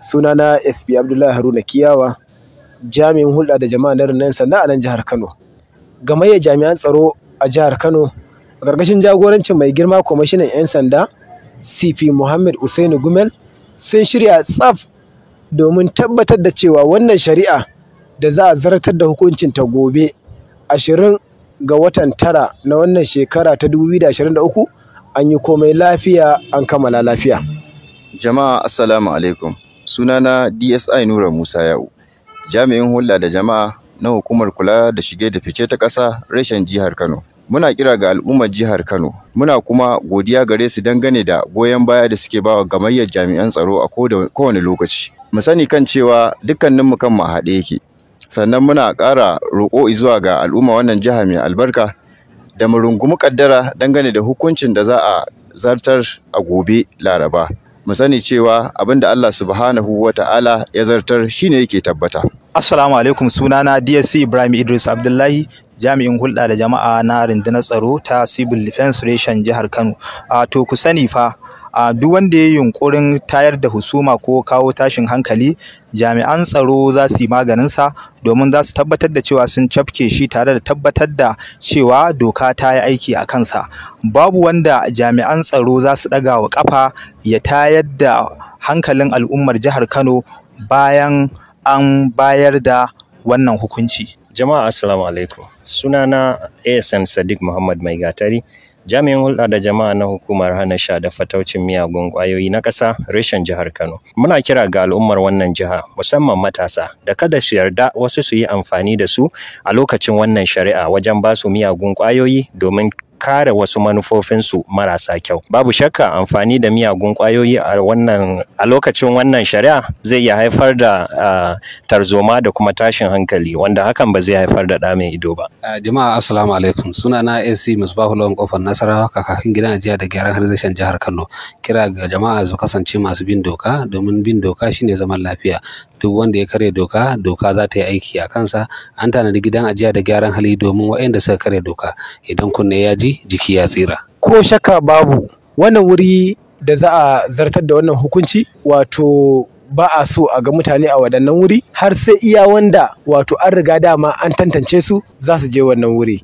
sunana sp abdullahi haruna kiyawa jami'in hulɗa da jama'a na nan sanda a nan jihar kano gamayyar jami'an tsaro a jihar kano a ƙarƙashin jagorancin mai girma kwamishinan 'yan sanda cp muhammad usainu gumel sun shirya tsaf domin tabbatar da cewa wannan shari'a da za a zartar da hukuncin ta gobe ashirin ga watan tara na wannan shekara ta 2023 an yi komai lafiya an kammala lafiya jama'a assalamu alaikum Sunana DSI Nura Musa Ya'u, jami'in hulɗa da jama'a na hukumar kula da shige da fice ta ƙasa reshen jihar Kano. Muna kira ga al'ummar jihar Kano, muna kuma godiya gare su dangane da goyon baya da suke bawa gamayyar jami'an tsaro a kowane lokaci. Mu sani kan cewa dukkaninmu kan mu haɗe yake. Sannan muna ƙara roƙo zuwa ga al'umma wannan jiha mai albarka da mu rungumi ƙaddara dangane da hukuncin da za a zartar a gobe Laraba. mu sani cewa abin da Allah subhanahu wa ta'ala ya zartar shine yake tabbata Assalamu alaikum sunana DSC Ibrahim Idris Abdullahi jami'in hulɗa da jama'a na rundunar tsaro ta Civil Defense Reshen jihar Kano. A to ku sani fa a duk wanda ya yunkurin tayar da husuma ko kawo tashin hankali jami'an tsaro za su yi maganinsa domin za su tabbatar da cewa sun cafke shi tare da tabbatar da cewa doka ta yi aiki a kansa babu wanda jami'an tsaro za su ɗaga wa ƙafa ya tayar da hankalin al'ummar jihar Kano bayan an bayar da wannan hukunci. Jama'a assalamu alaikum. Sunana ASN Sadiq Muhammad Mai Gatari, jami'in hulɗa da jama'a na hukumar hana sha da fataucin miyagun ƙwayoyi na ƙasa reshen jihar Kano. Muna kira ga al'ummar wannan jiha musamman matasa da kada su yarda wasu su yi amfani da su a lokacin wannan shari'a wajen ba su miyagun ƙwayoyi domin kare wasu manufofinsu marasa kyau babu shakka amfani da miyagun kwayoyi a lokacin wannan shari'a zai iya haifar da tarzoma da kuma tashin hankali wanda hakan ba zai haifar da ɗa mai ido ba jama'a assalamu alaikum suna na ac Lawan kofar nasarawa kakakin gidan ajiya da gyaran harshen jihar kano kira ga jama'a su kasance masu bin doka domin bin doka shine zaman lafiya duk wanda ya karya doka doka za ta yi aiki a kansa an tanadi gidan ajiya da gyaran hali domin waɗanda suka karya doka idan kunne ya ji jiki ya tsira ko shakka babu wannan wuri da za a zartar da wannan hukunci wato ba a so a ga mutane a waɗannan wuri har sai iya wanda wato an riga dama an tantance su za su je wannan wuri